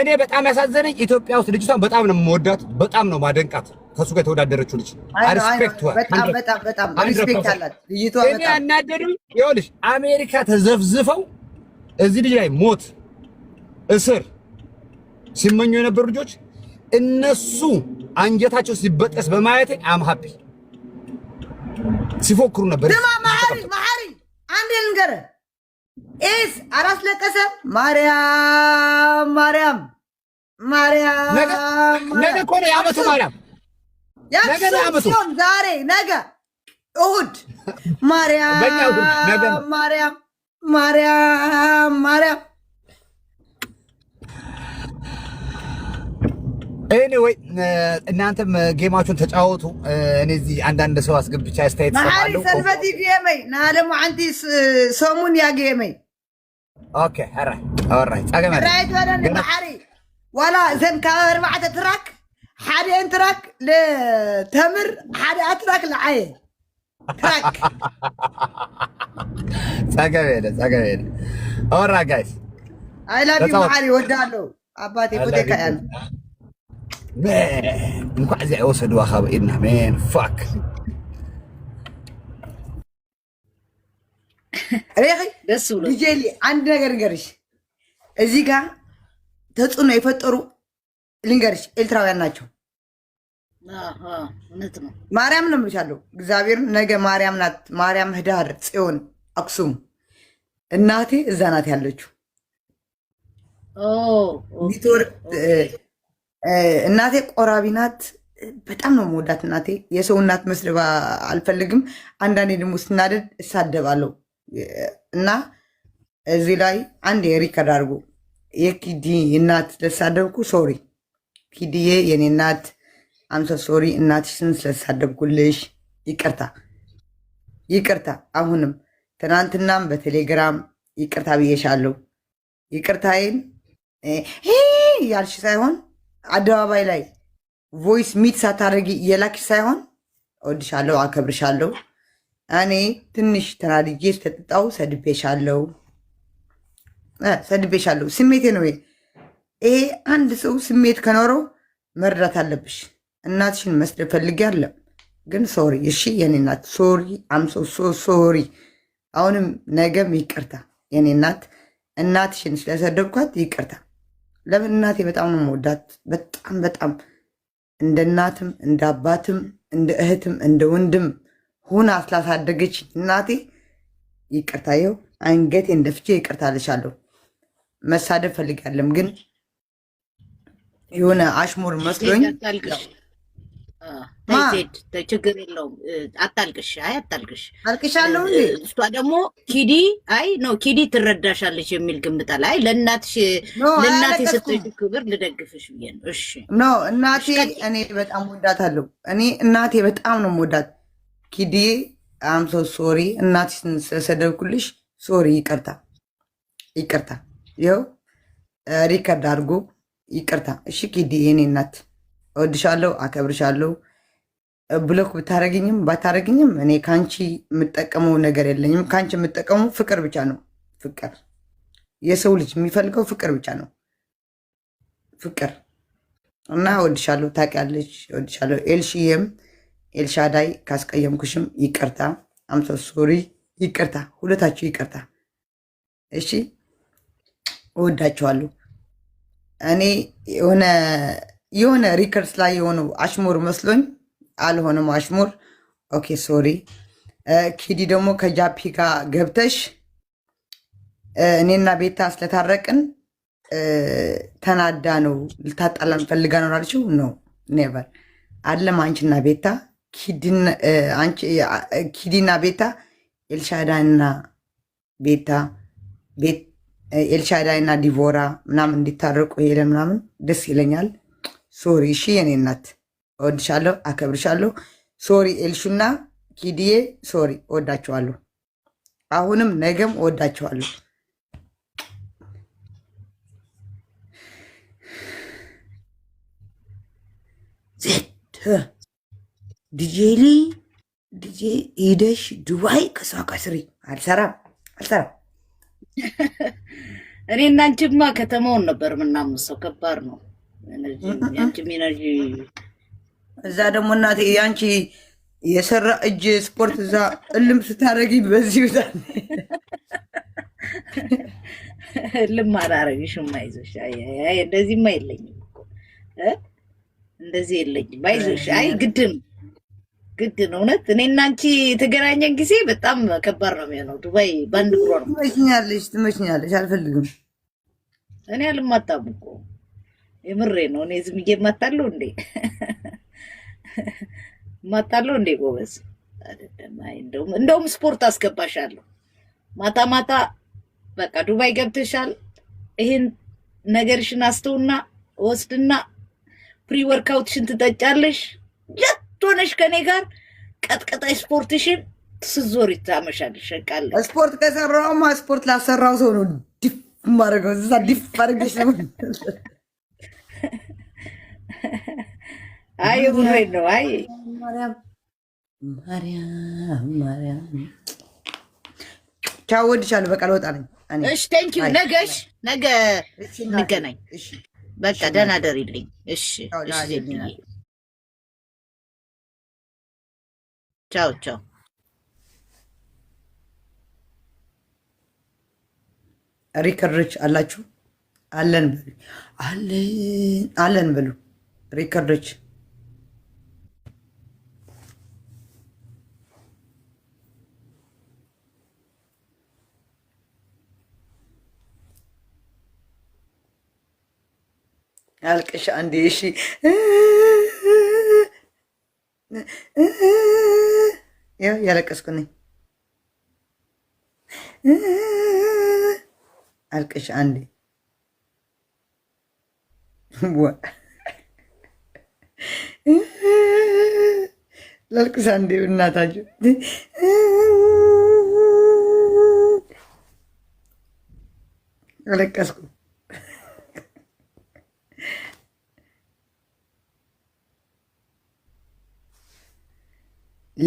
እኔ በጣም ያሳዘነኝ ኢትዮጵያ ውስጥ ልጅቷን በጣም ነው የምወዳት፣ በጣም ነው ማደንቃት። ከሱ ጋር የተወዳደረችው ልጅ ሪስፔክት እኔ ይኸውልሽ፣ አሜሪካ ተዘፍዝፈው እዚህ ልጅ ላይ ሞት፣ እስር ሲመኙ የነበሩ ልጆች እነሱ አንጀታቸው ሲበጠስ በማየት አም ሀፒ ሲፎክሩ ነበር። አንዴ ልንገርህ ኤስ አላስለቀሰ ማርያም ማርያም ማርያም ነገ እኮ ነው ማርያም ያሱን ዛሬ ነገ እሑድ ማርያም ማርያም ማርያም ማርያም እኔ እናንተም ጌማችሁን ተጫወቱ። እኔ እዚህ አንዳንድ ሰው አስገብቻ አስተያየት ሰማለሁ። ሰንበት ጌመይ ንዓለሙ ዓንቲ ሰሙን ያ اوكي حره اورايت رايت ولا بحري ولا زين كأربعة تراك حالي انتراك لتمر حالي اتراك لعين تراك ساقبينا ساقبينا اورا جايز اي لاف يو محاري ودالو اباتي بوديكا يعني مان انكو عزي اوصد واخا بايدنا مان فاك ደስ ብሎ አንድ ነገር ንገርሽ፣ እዚህ ጋር ተጽዕኖ የፈጠሩ ልንገርሽ፣ ኤርትራውያን ናቸው። ማርያም ነው የምልሻለሁ። እግዚአብሔርን ነገ ማርያም ናት። ማርያም ህዳር፣ ጽዮን፣ አክሱም እናቴ እዛ ናት ያለችው። እናቴ ቆራቢ ናት። በጣም ነው መወዳት እናቴ። የሰው እናት መስደብ አልፈልግም። አንዳንዴ ደግሞ ስናደድ እሳደባለሁ። እና እዚህ ላይ አንድ ሪከርድ አድርጉ። የኪዲ እናት ለሳደብኩ ሶሪ፣ ኪዲዬ የኔ እናት አምሶ ሶሪ፣ እናትሽን ስለሳደብኩልሽ ይቅርታ፣ ይቅርታ። አሁንም ትናንትናም በቴሌግራም ይቅርታ ብዬሻለሁ። ይቅርታዬን ያልሽ ሳይሆን አደባባይ ላይ ቮይስ ሚት ሳታደርጊ የላክሽ ሳይሆን እወድሻለሁ፣ አከብርሻለሁ እኔ ትንሽ ተናድጄ ስለጠጣሁ ሰድቤሻለሁ ሰድቤሻለሁ። ስሜቴ ነው ይሄ። አንድ ሰው ስሜት ከኖረው መርዳት አለብሽ። እናትሽን መስደብ ፈልጌ አለም፣ ግን ሶሪ፣ እሺ የኔ እናት ሶሪ፣ አምሶ ሶሪ። አሁንም ነገም ይቅርታ የኔ እናት፣ እናትሽን ስለሰደብኳት ይቅርታ። ለምን እናቴ በጣም ነው መወዳት፣ በጣም በጣም እንደ እናትም እንደ አባትም እንደ እህትም እንደ ወንድም ሁና ስላሳደገች እናቴ ይቅርታ፣ ይኸው አንገቴ እንደፍቼ ይቅርታ ልሻለሁ። መሳደብ ፈልጋለም ግን የሆነ አሽሙር መስሎኝ ችግር የለውም። አታልቅሽ፣ አይ አታልቅሽ። አልቅሻለሁ። እሷ ደግሞ ኪዲ አይ ነው ኪዲ ትረዳሻለች የሚል ግምት አለ። አይ ለእናትሽ ለእናቴ የሰጠችው ክብር ልደግፍሽ ብዬ ነው። እሺ፣ ኖ እናቴ እኔ በጣም ወዳታለሁ። እኔ እናቴ በጣም ነው ወዳት ኪዴ አምሶ ሶሪ እናት ስለሰደብኩልሽ ሶሪ፣ ይቅርታ ይቅርታ። ይኸው ሪከርድ አድርጎ ይቅርታ። እሺ ኪዴ የኔ እናት እወድሻለሁ፣ አከብርሻለሁ። ብሎክ ብታረግኝም ባታረግኝም እኔ ከአንቺ የምጠቀመው ነገር የለኝም። ከአንቺ የምጠቀመው ፍቅር ብቻ ነው። ፍቅር የሰው ልጅ የሚፈልገው ፍቅር ብቻ ነው። ፍቅር እና እወድሻለሁ፣ ታውቂያለሽ፣ እወድሻለሁ ኤልሺዬም ኤልሻዳይ ካስቀየምኩሽም ይቅርታ። አምሶ ሶሪ ይቅርታ። ሁለታችሁ ይቅርታ። እሺ እወዳችኋለሁ። እኔ የሆነ የሆነ ሪከርድስ ላይ የሆኑ አሽሙር መስሎኝ አልሆነም አሽሙር። ኦኬ ሶሪ። ኪዲ ደግሞ ከጃፒ ጋር ገብተሽ እኔና ቤታ ስለታረቅን ተናዳ ነው ልታጣላን ፈልጋ ነው አለችው። ነው ኔቨር አለም አንቺና ቤታ ኪዲና ቤታ ኤልሻዳይና ቤታ ኤልሻዳይና ዲቮራ ምናምን እንዲታረቁ ሄደ ምናምን ደስ ይለኛል። ሶሪ እሺ፣ የኔ እናት እወድሻለሁ፣ አከብርሻለሁ። ሶሪ ኤልሹና ኪዲዬ ሶሪ፣ እወዳችኋለሁ። አሁንም ነገም እወዳችኋለሁ። ዜድ ዲጄሊ ዲጄ ሂደሽ ዱባይ ከሷ ጋር ስሪ። አልሰራም አልሰራም። እኔ እና አንቺማ ከተማውን ነበር የምናምሰው። ከባድ ነው። ያንቺም ኢነርጂ። እዛ ደግሞ እናቴ ያንቺ የሰራ እጅ ስፖርት እዛ እልም ስታደረጊ በዚህ ዛ እልም አላረግሽም። አይዞሽ። እንደዚህማ የለኝም እንደዚህ የለኝም። አይዞሽ። አይ ግድም ግድ ነው እውነት። እኔ እና አንቺ የተገናኘን ጊዜ በጣም ከባድ ነው የሚሆነው። ዱባይ በአንድ ብሮ ነው። ትመችኛለሽ፣ ትመችኛለሽ። አልፈልግም እኔ አልማጣም እኮ የምሬ ነው። እኔ ዝም ብዬ እማጣለሁ እንዴ? እማጣለሁ እንዴ? ጎበዝ አይደለም። እንደውም ስፖርት አስገባሻለሁ ማታ ማታ። በቃ ዱባይ ገብተሻል። ይህን ነገርሽን አስተውና ወስድና ፕሪ ወርክ አውትሽን ትጠጫለሽ። ሆነሽ ከኔ ጋር ቀጥቀጣይ ስፖርትሽን ስዞር ይታመሻልሽ። ቃለ ስፖርት ከሰራውማ ስፖርት ላሰራው ሰው ነው ዲፍ ማድረገው እዛ ዲፍ አድርገሽ ነው። አይ ቡሬ ነው። አይ ማርያም ማርያም ማርያም ቻው፣ እወድሻለሁ። በቃ ልወጣ ነኝ። እሺ ቴንክ ነገሽ ነገ እንገናኝ። በቃ ደህና ደሪልኝ። እሺ እሺ Chao, chao. ሪከርዶች አላችሁ? አለን በሉ፣ አለን በሉ። ሪከርዶች አልቅሽ አንዴ። እሺ ያው ያለቀስኩ ነኝ። አልቅሽ አንዴ ላልቅስ አንዴ እናታችሁ አለቀስኩ።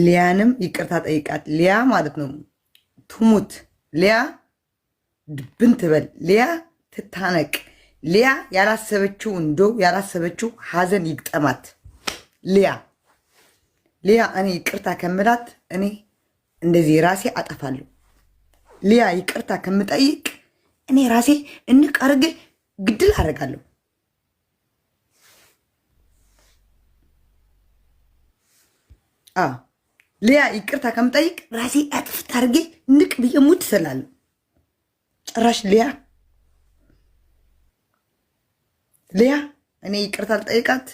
ሊያንም ይቅርታ ጠይቃት። ሊያ ማለት ነው ትሙት፣ ሊያ ድብን ትበል፣ ሊያ ትታነቅ፣ ሊያ ያላሰበችው እንዶ ያላሰበችው ሀዘን ይግጠማት። ሊያ ሊያ እኔ ይቅርታ ከምላት እኔ እንደዚህ ራሴ አጠፋለሁ። ሊያ ይቅርታ ከምጠይቅ እኔ ራሴ እንቅ ግድል አደርጋለሁ። አዎ ሊያ ይቅርታ ከምጠይቅ ራሴ አጥፍት አድርጌ ንቅ ብዬ ሙት ስላለ። ጭራሽ ሊያ ሊያ እኔ ይቅርታ ልጠይቃት